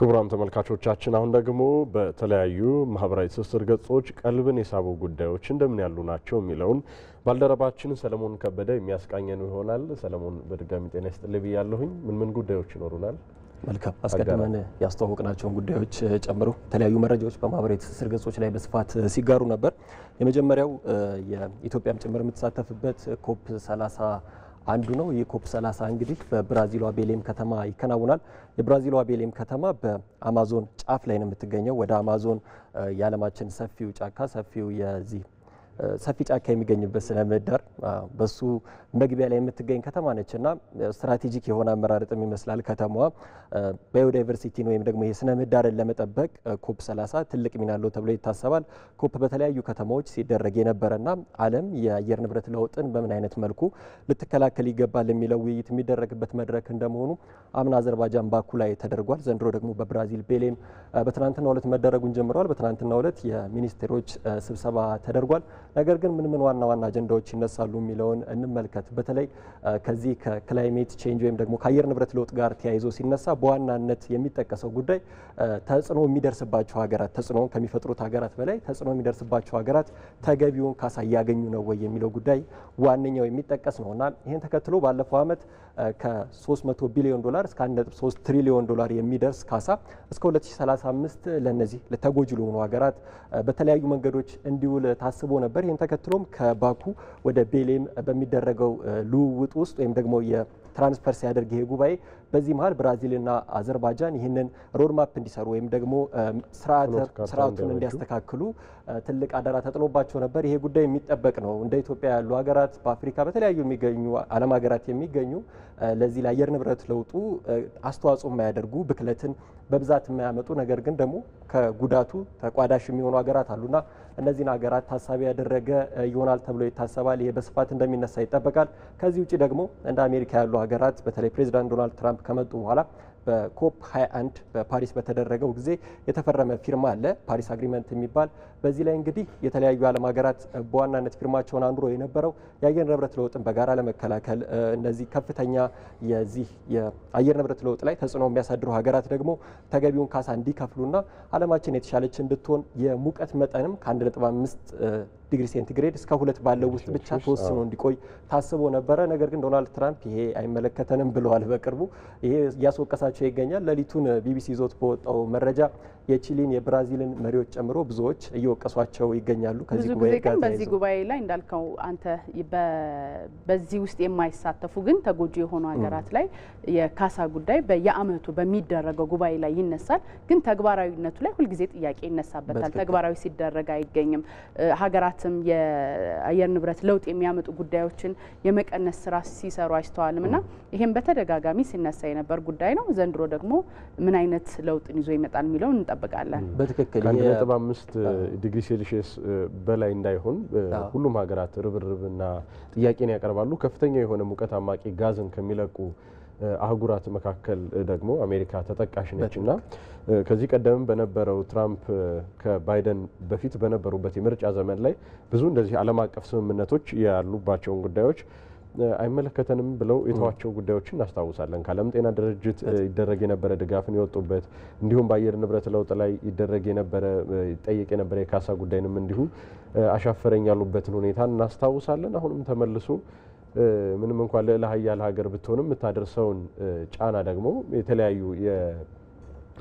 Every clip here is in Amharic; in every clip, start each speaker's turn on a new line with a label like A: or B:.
A: ክቡራን ተመልካቾቻችን አሁን ደግሞ በተለያዩ ማህበራዊ ትስስር ገጾች ቀልብን የሳቡ ጉዳዮች እንደምን ያሉ ናቸው የሚለውን ባልደረባችን ሰለሞን ከበደ የሚያስቃኘን ይሆናል። ሰለሞን በድጋሚ ጤና ይስጥልኝ ብያለሁኝ። ምን ምን ጉዳዮች ይኖሩናል? መልካም
B: አስቀድመን ያስተዋወቅናቸውን ጉዳዮች ጨምሮ የተለያዩ መረጃዎች በማህበራዊ ትስስር ገጾች ላይ በስፋት ሲጋሩ ነበር። የመጀመሪያው የኢትዮጵያም ጭምር የምትሳተፍበት ኮፕ 30 አንዱ ነው። የኮፕ ኮፕ 30 እንግዲህ በብራዚሏ ቤሌም ከተማ ይከናውናል። የብራዚሏ ቤሌም ከተማ በአማዞን ጫፍ ላይ ነው የምትገኘው። ወደ አማዞን የዓለማችን ሰፊው ጫካ ሰፊው የዚህ ሰፊ ጫካ የሚገኝበት ስነ ምህዳር በሱ መግቢያ ላይ የምትገኝ ከተማ ነች እና ስትራቴጂክ የሆነ አመራረጥም ይመስላል ከተማዋ ባዮዳይቨርሲቲን ወይም ደግሞ ይሄ ስነ ምህዳርን ለመጠበቅ ኮፕ 30 ትልቅ ሚና አለው ተብሎ ይታሰባል። ኮፕ በተለያዩ ከተማዎች ሲደረግ የነበረና ዓለም የአየር ንብረት ለውጥን በምን አይነት መልኩ ልትከላከል ይገባል የሚለው ውይይት የሚደረግበት መድረክ እንደመሆኑ አምና አዘርባጃን ባኩ ላይ ተደርጓል። ዘንድሮ ደግሞ በብራዚል ቤሌም በትናንትናው ሁለት መደረጉን ጀምረዋል። በትናንትናው ዕለት የሚኒስቴሮች ስብሰባ ተደርጓል። ነገር ግን ምን ምን ዋና ዋና አጀንዳዎች ይነሳሉ የሚለውን እንመልከት። በተለይ ከዚህ ከክላይሜት ቼንጅ ወይም ደግሞ ከአየር ንብረት ለውጥ ጋር ተያይዞ ሲነሳ በዋናነት የሚጠቀሰው ጉዳይ ተጽዕኖ የሚደርስባቸው ሀገራት ተጽዕኖውን ከሚፈጥሩት ሀገራት በላይ ተጽዕኖ የሚደርስባቸው ሀገራት ተገቢውን ካሳ እያገኙ ነው ወይ የሚለው ጉዳይ ዋነኛው የሚጠቀስ ነው እና ይህን ተከትሎ ባለፈው ዓመት ከ300 ቢሊዮን ዶላር እስከ 1.3 ትሪሊዮን ዶላር የሚደርስ ካሳ እስከ 2035 ለነዚህ ለተጎጂ ለሆኑ ሀገራት በተለያዩ መንገዶች እንዲውል ታስቦ ነበር። ይህን ተከትሎም ከባኩ ወደ ቤሌም በሚደረገው ልውውጥ ውስጥ ወይም ደግሞ የትራንስፈር ሲያደርግ ይሄ ጉባኤ በዚህ መሀል ብራዚልና አዘርባይጃን ይህንን ሮድማፕ እንዲሰሩ ወይም ደግሞ ስርዓቱን እንዲያስተካክሉ ትልቅ አደራ ተጥሎባቸው ነበር። ይሄ ጉዳይ የሚጠበቅ ነው። እንደ ኢትዮጵያ ያሉ ሀገራት በአፍሪካ በተለያዩ የሚገኙ ዓለም ሀገራት የሚገኙ ለዚህ ለአየር ንብረት ለውጡ አስተዋጽኦ የማያደርጉ ብክለትን በብዛት የማያመጡ ነገር ግን ደግሞ ከጉዳቱ ተቋዳሽ የሚሆኑ ሀገራት አሉና እነዚህን ሀገራት ታሳቢ ያደረገ ይሆናል ተብሎ ይታሰባል። ይሄ በስፋት እንደሚነሳ ይጠበቃል። ከዚህ ውጭ ደግሞ እንደ አሜሪካ ያሉ ሀገራት በተለይ ፕሬዚዳንት ዶናልድ ትራምፕ ከመጡ በኋላ በኮፕ 21 በፓሪስ በተደረገው ጊዜ የተፈረመ ፊርማ አለ፣ ፓሪስ አግሪመንት የሚባል። በዚህ ላይ እንግዲህ የተለያዩ ዓለም ሀገራት በዋናነት ፊርማቸውን አንድሮ የነበረው የአየር ንብረት ለውጥን በጋራ ለመከላከል እነዚህ ከፍተኛ የዚህ የአየር ንብረት ለውጥ ላይ ተጽዕኖ የሚያሳድሩ ሀገራት ደግሞ ተገቢውን ካሳ እንዲከፍሉና ዓለማችን የተሻለች እንድትሆን የሙቀት መጠንም ከ1.5 ዲግሪ ሴንቲግሬድ እስከ ሁለት ባለው ውስጥ ብቻ ተወስኖ እንዲቆይ ታስቦ ነበረ። ነገር ግን ዶናልድ ትራምፕ ይሄ አይመለከተንም ብለዋል። በቅርቡ ይሄ እያስወቀሳቸው ይገኛል። ሌሊቱን ቢቢሲ ይዞት በወጣው መረጃ የቺሊን የብራዚልን መሪዎች ጨምሮ ብዙዎች እየወቀሷቸው ይገኛሉ። ከዚህ ጉባኤ ጋር
C: በዚህ ጉባኤ ላይ እንዳልከው አንተ በዚህ ውስጥ የማይሳተፉ ግን ተጎጂ የሆኑ ሀገራት ላይ የካሳ ጉዳይ በየአመቱ በሚደረገው ጉባኤ ላይ ይነሳል። ግን ተግባራዊነቱ ላይ ሁልጊዜ ጥያቄ ይነሳበታል። ተግባራዊ ሲደረግ አይገኝም ሀገራት ሀገራትም የአየር ንብረት ለውጥ የሚያመጡ ጉዳዮችን የመቀነስ ስራ ሲሰሩ አይስተዋልም እና ይሄም በተደጋጋሚ ሲነሳ የነበር ጉዳይ ነው። ዘንድሮ ደግሞ ምን አይነት ለውጥን ይዞ ይመጣል የሚለውን እንጠብቃለን።
A: በትክክል ከአንድ ነጥብ አምስት ዲግሪ ሴልሺየስ በላይ እንዳይሆን ሁሉም ሀገራት ርብርብና ጥያቄን ያቀርባሉ። ከፍተኛ የሆነ ሙቀት አማቂ ጋዝን ከሚለቁ አህጉራት መካከል ደግሞ አሜሪካ ተጠቃሽ ነች እና ከዚህ ቀደምም በነበረው ትራምፕ ከባይደን በፊት በነበሩበት የምርጫ ዘመን ላይ ብዙ እንደዚህ ዓለም አቀፍ ስምምነቶች ያሉባቸውን ጉዳዮች አይመለከተንም ብለው የተዋቸው ጉዳዮችን እናስታውሳለን። ከዓለም ጤና ድርጅት ይደረግ የነበረ ድጋፍን የወጡበት እንዲሁም በአየር ንብረት ለውጥ ላይ ይደረግ የነበረ ይጠየቅ የነበረ የካሳ ጉዳይንም እንዲሁ አሻፈረኝ ያሉበትን ሁኔታ እናስታውሳለን። አሁንም ተመልሶ ምንም እንኳን ልዕለ ሀያል ሀገር ብትሆንም የምታደርሰውን ጫና ደግሞ የተለያዩ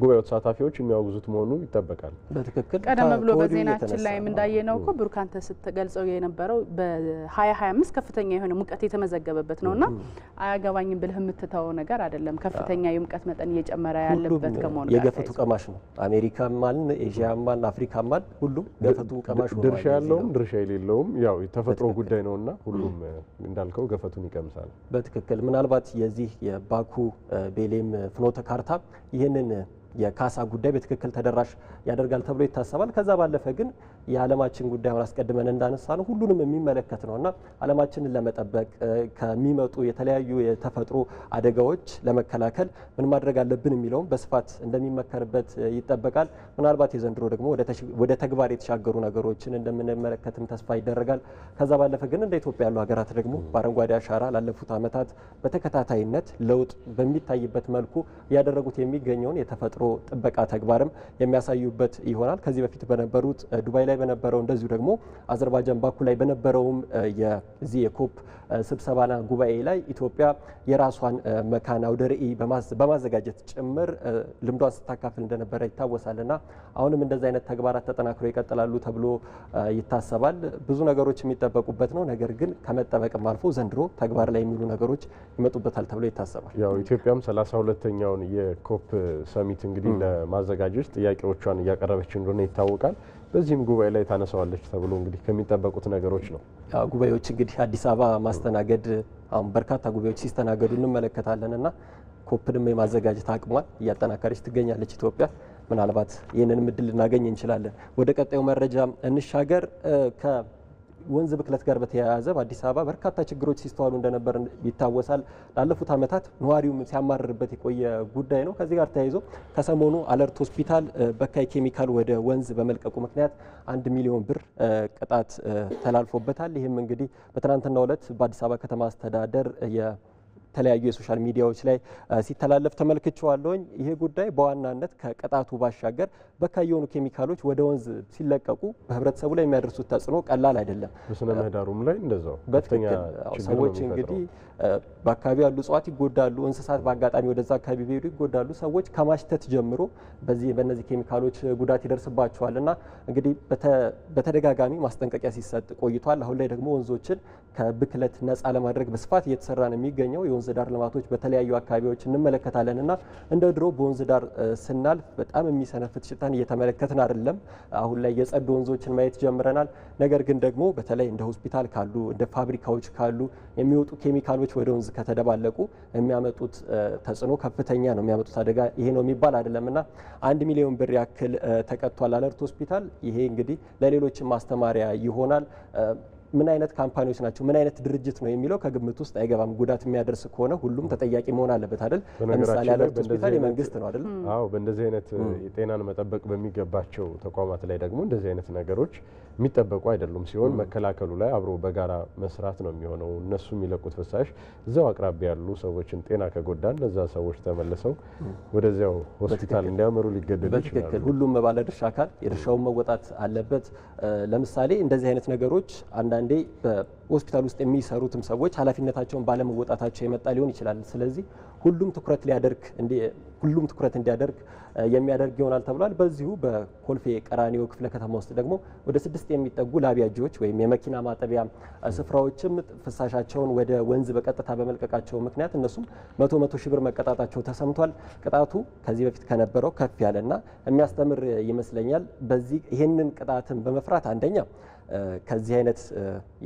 A: ጉባኤው ተሳታፊዎች የሚያወግዙት መሆኑ ይጠበቃል። በትክክል
C: ቀደም ብሎ በዜናችን ላይም እንዳየነው እኮ ብሩክ ስትገልጸው የነበረው በ2025 ከፍተኛ የሆነ ሙቀት የተመዘገበበት ነውና አያገባኝም ብልህ የምትተው ነገር አይደለም። ከፍተኛ የሙቀት መጠን እየጨመረ ያለበት
B: ከመሆኑ የገፈቱ ቀማሽ ነው። አሜሪካም አልን፣ ኤዥያም አልን፣ አፍሪካም አል ሁሉም ገፈቱ ቀማሽ ነው። ድርሻ ያለውም ድርሻ
A: የሌለውም ያው የተፈጥሮ ጉዳይ ነውና ሁሉም እንዳልከው ገፈቱን ይቀምሳል።
B: በትክክል ምናልባት የዚህ የባኩ ቤሌም ፍኖተ ካርታ ይህንን የካሳ ጉዳይ በትክክል ተደራሽ ያደርጋል ተብሎ ይታሰባል። ከዛ ባለፈ ግን የዓለማችን ጉዳይ አሁን አስቀድመን እንዳነሳ ነው ሁሉንም የሚመለከት ነው እና ዓለማችንን ለመጠበቅ ከሚመጡ የተለያዩ የተፈጥሮ አደጋዎች ለመከላከል ምን ማድረግ አለብን የሚለውም በስፋት እንደሚመከርበት ይጠበቃል። ምናልባት የዘንድሮ ደግሞ ወደ ተግባር የተሻገሩ ነገሮችን እንደምንመለከትም ተስፋ ይደረጋል። ከዛ ባለፈ ግን እንደ ኢትዮጵያ ያሉ ሀገራት ደግሞ በአረንጓዴ አሻራ ላለፉት ዓመታት በተከታታይነት ለውጥ በሚታይበት መልኩ እያደረጉት የሚገኘውን የተፈጥሮ ጥበቃ ተግባርም የሚያሳዩበት ይሆናል። ከዚህ በፊት በነበሩት ዱባይ ላይ ላይ በነበረው እንደዚሁ ደግሞ አዘርባጃን ባኩ ላይ በነበረውም የዚህ የኮፕ ስብሰባና ጉባኤ ላይ ኢትዮጵያ የራሷን መካን አውደ ርዕይ በማዘጋጀት ጭምር ልምዷን ስታካፍል እንደነበረ ና አሁንም እንደዚህ አይነት ተግባራት ተጠናክሮ ይቀጥላሉ ተብሎ ይታሰባል። ብዙ ነገሮች የሚጠበቁበት ነው። ነገር ግን ከመጠበቅም አልፎ ዘንድሮ ተግባር ላይ የሚሉ ነገሮች ይመጡበታል ተብሎ ይታሰባል። ያው
A: ኢትዮጵያም ሰላሳ ሁለተኛውን የኮፕ ሰሚት እንግዲህ ለማዘጋጀት ጥያቄዎቿን እያቀረበች እንደሆነ ይታወቃል። በዚህም ጉባኤ ላይ ታነሳዋለች ተብሎ እንግዲህ ከሚጠበቁት ነገሮች ነው።
B: ጉባኤዎች እንግዲህ አዲስ አበባ ማስተናገድ አሁን በርካታ ጉባኤዎች ሲስተናገዱ እንመለከታለን እና ኮፕንም የማዘጋጀት አቅሟን እያጠናከረች ትገኛለች ኢትዮጵያ። ምናልባት ይህንንም እድል ልናገኝ እንችላለን። ወደ ቀጣዩ መረጃ እንሻገር። ወንዝ ብክለት ጋር በተያያዘ በአዲስ አበባ በርካታ ችግሮች ሲስተዋሉ እንደነበር ይታወሳል። ላለፉት ዓመታት ነዋሪውም ሲያማርርበት የቆየ ጉዳይ ነው። ከዚህ ጋር ተያይዞ ከሰሞኑ አለርት ሆስፒታል በካይ ኬሚካል ወደ ወንዝ በመልቀቁ ምክንያት አንድ ሚሊዮን ብር ቅጣት ተላልፎበታል። ይህም እንግዲህ በትናንትናው ዕለት በአዲስ አበባ ከተማ አስተዳደር በተለያዩ የሶሻል ሚዲያዎች ላይ ሲተላለፍ ተመልክቼዋለሁኝ። ይሄ ጉዳይ በዋናነት ከቅጣቱ ባሻገር በካይ የሆኑ ኬሚካሎች ወደ ወንዝ ሲለቀቁ በህብረተሰቡ ላይ የሚያደርሱት ተጽዕኖ ቀላል
A: አይደለም። በስነ ምህዳሩም ላይ እንደዛው በትክክል
B: ሰዎች እንግዲህ በአካባቢ ያሉ እጽዋት ይጎዳሉ፣ እንስሳት በአጋጣሚ ወደዛ አካባቢ ቢሄዱ ይጎዳሉ። ሰዎች ከማሽተት ጀምሮ በዚህ በእነዚህ ኬሚካሎች ጉዳት ይደርስባቸዋል እና እንግዲህ በተደጋጋሚ ማስጠንቀቂያ ሲሰጥ ቆይቷል። አሁን ላይ ደግሞ ወንዞችን ከብክለት ነጻ ለማድረግ በስፋት እየተሰራ ነው የሚገኘው። የወንዝ ዳር ልማቶች በተለያዩ አካባቢዎች እንመለከታለን እና እንደ ድሮ በወንዝ ዳር ስናልፍ በጣም የሚሰነፍት ሽታን እየተመለከትን አይደለም። አሁን ላይ የጸዱ ወንዞችን ማየት ጀምረናል። ነገር ግን ደግሞ በተለይ እንደ ሆስፒታል ካሉ እንደ ፋብሪካዎች ካሉ የሚወጡ ኬሚካሎች ወደ ወንዝ ከተደባለቁ የሚያመጡት ተጽዕኖ ከፍተኛ ነው። የሚያመጡት አደጋ ይሄ ነው የሚባል አይደለም እና አንድ ሚሊዮን ብር ያክል ተቀጥቷል አለርት ሆስፒታል። ይሄ እንግዲህ ለሌሎችም ማስተማሪያ ይሆናል። ምን አይነት ካምፓኒዎች ናቸው፣ ምን አይነት ድርጅት ነው የሚለው ከግምት ውስጥ አይገባም። ጉዳት የሚያደርስ ከሆነ ሁሉም ተጠያቂ መሆን አለበት አይደል? ለምሳሌ
A: አለርት ሆስፒታል የመንግስት ነው አይደል? አዎ። በእንደዚህ አይነት የጤናን መጠበቅ በሚገባቸው ተቋማት ላይ ደግሞ እንደዚህ አይነት ነገሮች የሚጠበቁ አይደሉም ሲሆን መከላከሉ ላይ አብሮ በጋራ መስራት ነው የሚሆነው። እነሱ የሚለቁት ፍሳሽ እዚያው አቅራቢያ ያሉ ሰዎችን ጤና ከጎዳን እነዛ ሰዎች ተመልሰው ወደዚያው ሆስፒታል እንዲያመሩ ሊገደዱ
B: ይችላሉ። ሁሉም ባለድርሻ አካል የድርሻውን መወጣት አለበት። ለምሳሌ እንደዚህ አይነት ነገሮች አንዳንድ Sandy, but ሆስፒታል ውስጥ የሚሰሩትም ሰዎች ኃላፊነታቸውን ባለመወጣታቸው የመጣ ሊሆን ይችላል። ስለዚህ ሁሉም ትኩረት ሊያደርግ ሁሉም ትኩረት እንዲያደርግ የሚያደርግ ይሆናል ተብሏል። በዚሁ በኮልፌ ቀራኒዮ ክፍለ ከተማ ውስጥ ደግሞ ወደ ስድስት የሚጠጉ ላቢያጆች ወይም የመኪና ማጠቢያ ስፍራዎችም ፍሳሻቸውን ወደ ወንዝ በቀጥታ በመልቀቃቸው ምክንያት እነሱም መቶ መቶ ሺህ ብር መቀጣታቸው ተሰምቷል። ቅጣቱ ከዚህ በፊት ከነበረው ከፍ ያለና የሚያስተምር ይመስለኛል። በዚህ ይህንን ቅጣትን በመፍራት አንደኛ ከዚህ አይነት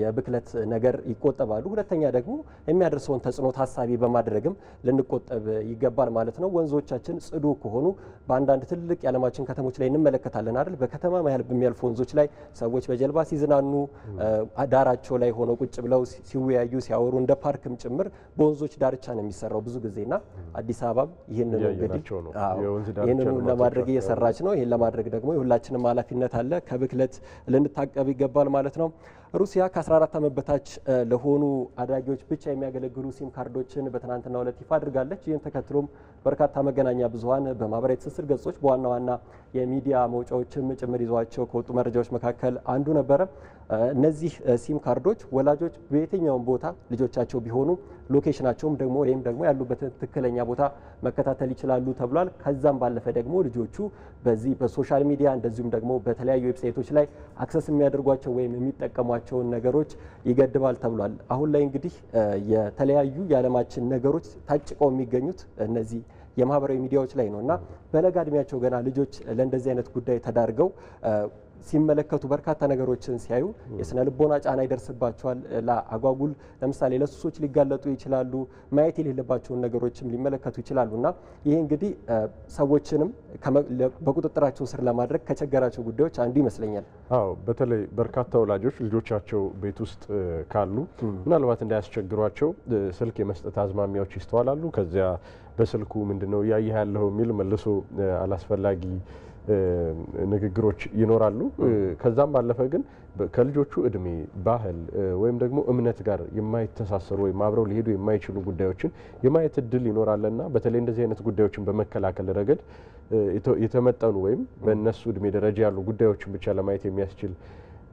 B: የብክለት ነገር ይቆጠባሉ። ሁለተኛ ደግሞ የሚያደርሰውን ተጽዕኖ ታሳቢ በማድረግም ልንቆጠብ ይገባል ማለት ነው። ወንዞቻችን ጽዱ ከሆኑ በአንዳንድ ትልቅ የዓለማችን ከተሞች ላይ እንመለከታለን አይደል? በከተማ ያህል በሚያልፉ ወንዞች ላይ ሰዎች በጀልባ ሲዝናኑ ዳራቸው ላይ ሆነው ቁጭ ብለው ሲወያዩ፣ ሲያወሩ እንደ ፓርክም ጭምር በወንዞች ዳርቻ ነው የሚሰራው ብዙ ጊዜና አዲስ አበባም ይህንኑ እንግዲህ
A: ይህንኑ ለማድረግ እየሰራች
B: ነው። ይህን ለማድረግ ደግሞ የሁላችንም ኃላፊነት አለ። ከብክለት ልንታቀብ ይገባል ማለት ነው። ሩሲያ ከ14 ዓመት በታች ለሆኑ አዳጊዎች ብቻ የሚያገለግሉ ሲም ካርዶችን በትናንትናው ዕለት ይፋ አድርጋለች። ይህን ተከትሎም በርካታ መገናኛ ብዙሃን በማህበራዊ ትስስር ገጾች በዋና ዋና የሚዲያ መውጫዎችም ጭምር ይዟቸው ከወጡ መረጃዎች መካከል አንዱ ነበረ። እነዚህ ሲም ካርዶች ወላጆች በየትኛውም ቦታ ልጆቻቸው ቢሆኑ ሎኬሽናቸውም ደግሞ ወይም ደግሞ ያሉበትን ትክክለኛ ቦታ መከታተል ይችላሉ ተብሏል። ከዛም ባለፈ ደግሞ ልጆቹ በዚህ በሶሻል ሚዲያ እንደዚሁም ደግሞ በተለያዩ ዌብሳይቶች ላይ አክሰስ የሚያደርጓቸው ወይም የሚጠቀሟቸውን ነገሮች ይገድባል ተብሏል። አሁን ላይ እንግዲህ የተለያዩ የዓለማችን ነገሮች ታጭቀው የሚገኙት እነዚህ የማህበራዊ ሚዲያዎች ላይ ነው እና በለጋ እድሜያቸው ገና ልጆች ለእንደዚህ አይነት ጉዳይ ተዳርገው ሲመለከቱ በርካታ ነገሮችን ሲያዩ የስነ ልቦና ጫና ይደርስባቸዋል። ለአጓጉል ለምሳሌ ለሱሶች ሊጋለጡ ይችላሉ። ማየት የሌለባቸውን ነገሮችም ሊመለከቱ ይችላሉ እና ይህ እንግዲህ ሰዎችንም በቁጥጥራቸው ስር ለማድረግ ከቸገራቸው ጉዳዮች አንዱ ይመስለኛል። አዎ፣ በተለይ በርካታ
A: ወላጆች ልጆቻቸው ቤት ውስጥ ካሉ ምናልባት እንዳያስቸግሯቸው ስልክ የመስጠት አዝማሚያዎች ይስተዋላሉ። ከዚያ በስልኩ ምንድን ነው እያየህ ያለው የሚል መልሶ አላስፈላጊ ንግግሮች ይኖራሉ። ከዛም ባለፈ ግን ከልጆቹ እድሜ፣ ባህል ወይም ደግሞ እምነት ጋር የማይተሳሰሩ ወይም አብረው ሊሄዱ የማይችሉ ጉዳዮችን የማየት እድል ይኖራልና በተለይ እንደዚህ አይነት ጉዳዮችን በመከላከል ረገድ የተመጠኑ ወይም በእነሱ እድሜ ደረጃ ያሉ ጉዳዮችን ብቻ ለማየት የሚያስችል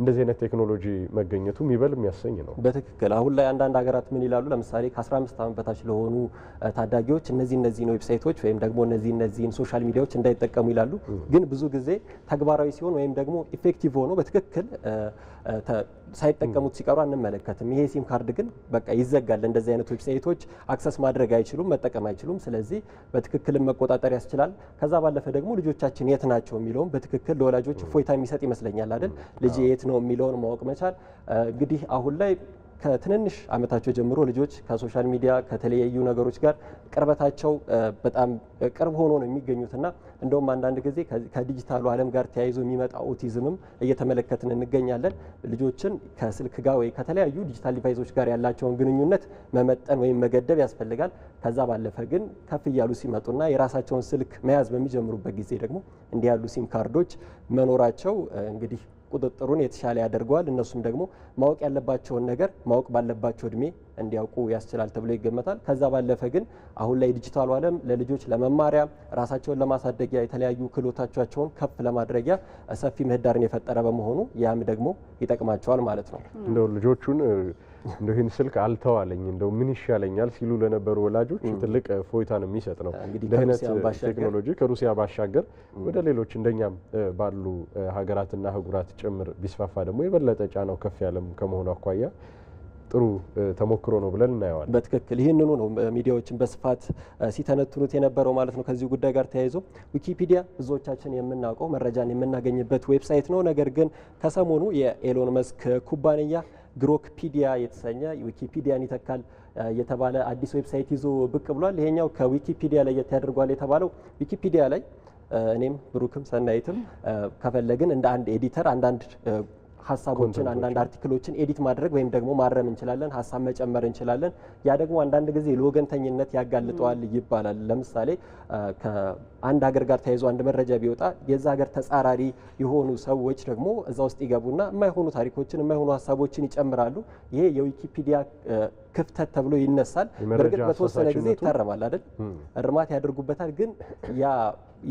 A: እንደዚህ አይነት ቴክኖሎጂ መገኘቱ የሚበል የሚያሰኝ
B: ነው። በትክክል አሁን ላይ አንዳንድ ሀገራት ምን ይላሉ? ለምሳሌ ከ15 ዓመት በታች ለሆኑ ታዳጊዎች እነዚህ እነዚህን ዌብሳይቶች ወይም ደግሞ እነዚህ እነዚህን ሶሻል ሚዲያዎች እንዳይጠቀሙ ይላሉ። ግን ብዙ ጊዜ ተግባራዊ ሲሆን ወይም ደግሞ ኢፌክቲቭ ሆኖ በትክክል ሳይጠቀሙት ሲቀሩ አንመለከትም። ይሄ ሲም ካርድ ግን በቃ ይዘጋል። እንደዚህ አይነት ዌብሳይቶች አክሰስ ማድረግ አይችሉም፣ መጠቀም አይችሉም። ስለዚህ በትክክልም መቆጣጠር ያስችላል። ከዛ ባለፈ ደግሞ ልጆቻችን የት ናቸው የሚለውም በትክክል ለወላጆች እፎይታ የሚሰጥ ይመስለኛል አይደል ልጅ የት ነው የሚለውን ማወቅ መቻል እንግዲህ አሁን ላይ ከትንንሽ አመታቸው ጀምሮ ልጆች ከሶሻል ሚዲያ ከተለያዩ ነገሮች ጋር ቅርበታቸው በጣም ቅርብ ሆኖ ነው የሚገኙትና እንደውም አንዳንድ ጊዜ ከዲጂታሉ ዓለም ጋር ተያይዞ የሚመጣ ኦቲዝምም እየተመለከትን እንገኛለን። ልጆችን ከስልክ ጋር ወይ ከተለያዩ ዲጂታል ዲቫይሶች ጋር ያላቸውን ግንኙነት መመጠን ወይም መገደብ ያስፈልጋል። ከዛ ባለፈ ግን ከፍ እያሉ ሲመጡና የራሳቸውን ስልክ መያዝ በሚጀምሩበት ጊዜ ደግሞ እንዲህ ያሉ ሲም ካርዶች መኖራቸው እንግዲህ ቁጥጥሩን የተሻለ ያደርገዋል። እነሱም ደግሞ ማወቅ ያለባቸውን ነገር ማወቅ ባለባቸው እድሜ እንዲያውቁ ያስችላል ተብሎ ይገመታል። ከዛ ባለፈ ግን አሁን ላይ ዲጂታሉ ዓለም ለልጆች ለመማሪያ ራሳቸውን ለማሳደጊያ የተለያዩ ክህሎታቸውን ከፍ ለማድረጊያ ሰፊ ምህዳርን የፈጠረ በመሆኑ ያም ደግሞ ይጠቅማቸዋል ማለት ነው
A: እንደው ልጆቹን እንደው ይህን ስልክ አልተዋለኝ እንደው ምን ይሻለኛል ሲሉ ለነበሩ ወላጆች ትልቅ ፎይታን የሚሰጥ ነው። ለህነት ቴክኖሎጂ ከሩሲያ ባሻገር ወደ ሌሎች እንደኛም ባሉ ሀገራትና ህጉራት ጭምር ቢስፋፋ ደግሞ የበለጠ ጫናው ከፍ ያለም ከመሆኑ አኳያ ጥሩ ተሞክሮ ነው ብለን
B: እናየዋለን። በትክክል ይህንኑ ነው ሚዲያዎችን በስፋት ሲተነትኑት የነበረው ማለት ነው። ከዚህ ጉዳይ ጋር ተያይዞ ዊኪፒዲያ ብዙዎቻችን የምናውቀው መረጃን የምናገኝበት ዌብሳይት ነው። ነገር ግን ከሰሞኑ የኤሎን መስክ ኩባንያ ግሮክፒዲያ የተሰኘ ዊኪፒዲያን ይተካል የተባለ አዲስ ዌብሳይት ይዞ ብቅ ብሏል። ይሄኛው ከዊኪፒዲያ ለየት ያደርጓል የተባለው ዊኪፒዲያ ላይ እኔም ብሩክም ሰናይትም ከፈለግን እንደ አንድ ኤዲተር አንዳንድ ሀሳቦችን አንዳንድ አርቲክሎችን ኤዲት ማድረግ ወይም ደግሞ ማረም እንችላለን፣ ሀሳብ መጨመር እንችላለን። ያ ደግሞ አንዳንድ ጊዜ ለወገንተኝነት ያጋልጠዋል ይባላል። ለምሳሌ አንድ ሀገር ጋር ተያይዞ አንድ መረጃ ቢወጣ የዛ ሀገር ተጻራሪ የሆኑ ሰዎች ደግሞ እዛ ውስጥ ይገቡና የማይሆኑ ታሪኮችን የማይሆኑ ሀሳቦችን ይጨምራሉ። ይሄ የዊኪፒዲያ ክፍተት ተብሎ ይነሳል። በእርግጥ በተወሰነ ጊዜ ይታረማል አይደል? እርማት ያደርጉበታል። ግን ያ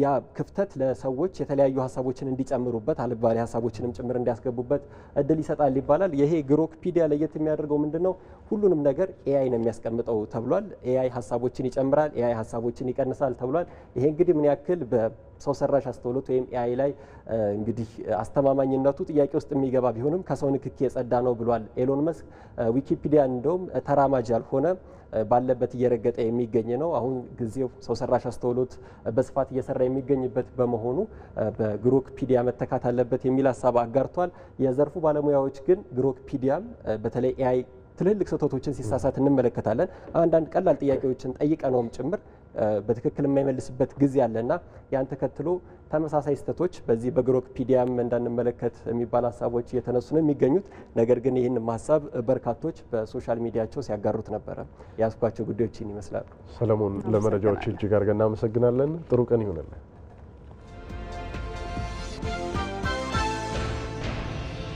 B: ያ ክፍተት ለሰዎች የተለያዩ ሀሳቦችን እንዲጨምሩበት አልባሌ ሀሳቦችንም ጭምር እንዲያስገቡበት እድል ይሰጣል ይባላል። ይሄ ግሮክፒዲያ ለየት የሚያደርገው ምንድን ነው? ሁሉንም ነገር ኤአይ ነው የሚያስቀምጠው ተብሏል። ኤአይ ሀሳቦችን ይጨምራል፣ ኤአይ ሀሳቦችን ይቀንሳል ተብሏል። ይሄ እንግዲህ ምን ያክል በሰው ሰራሽ አስተውሎት ወይም ኤአይ ላይ እንግዲህ አስተማማኝነቱ ጥያቄ ውስጥ የሚገባ ቢሆንም ከሰው ንክኪ የጸዳ ነው ብሏል ኤሎን መስክ። ዊኪፒዲያ እንደውም ተራማጅ ያልሆነ ባለበት እየረገጠ የሚገኝ ነው። አሁን ጊዜው ሰው ሰራሽ አስተውሎት በስፋት እየሰራ የሚገኝበት በመሆኑ በግሮክ ፒዲያ መተካት አለበት የሚል ሀሳብ አጋርቷል። የዘርፉ ባለሙያዎች ግን ግሮክ ፒዲያም በተለይ ኤአይ ትልልቅ ስህተቶችን ሲሳሳት እንመለከታለን። አንዳንድ ቀላል ጥያቄዎችን ጠይቀ ነውም ጭምር በትክክል የማይመልስበት ጊዜ አለና ያን ተከትሎ ተመሳሳይ ስህተቶች በዚህ በግሮክ ፒዲያም እንዳንመለከት የሚባል ሀሳቦች እየተነሱ ነው የሚገኙት። ነገር ግን ይህን ሀሳብ በርካቶች በሶሻል ሚዲያቸው ሲያጋሩት ነበረ። የያዝኳቸው ጉዳዮችን ይመስላሉ። ሰለሞን፣ ለመረጃዎች
A: እጅግ አድርገን እናመሰግናለን። ጥሩ ቀን ይሁንልን።